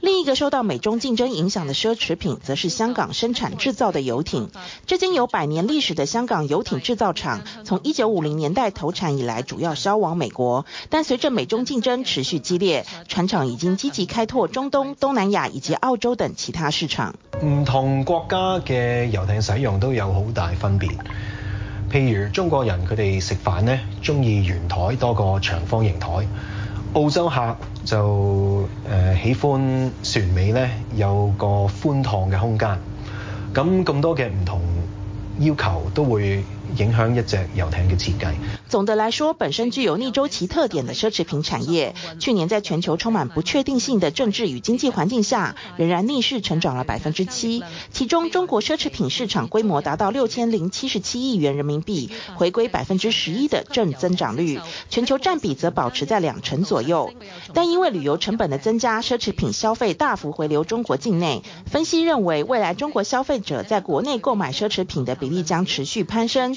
另一個受到美中競爭影響的奢侈品，則是香港生產製造的遊艇。這間有百年歷史的香港遊艇製造廠，從一九五零年代投產以來，主要銷往美國。但隨着美中競爭持續激烈，船廠已經積極開拓中東、東南亞以及澳洲等其他市場。唔同國家嘅遊艇使用都有好大分別。譬如中國人，佢哋食飯呢，中意圓台多過長方形台。澳洲客就誒喜歡船尾咧有個寬敞嘅空間。咁咁多嘅唔同的要求都會。影響一隻遊艇的設計。總的來說，本身具有逆周期特點的奢侈品產業，去年在全球充滿不確定性的政治與經濟環境下，仍然逆勢成長了百分之七。其中，中國奢侈品市場規模達到六千零七十七億元人民幣，回歸百分之十一的正增長率，全球占比則保持在兩成左右。但因為旅遊成本的增加，奢侈品消費大幅回流中國境內。分析認為，未來中國消費者在國內購買奢侈品的比例將持續攀升。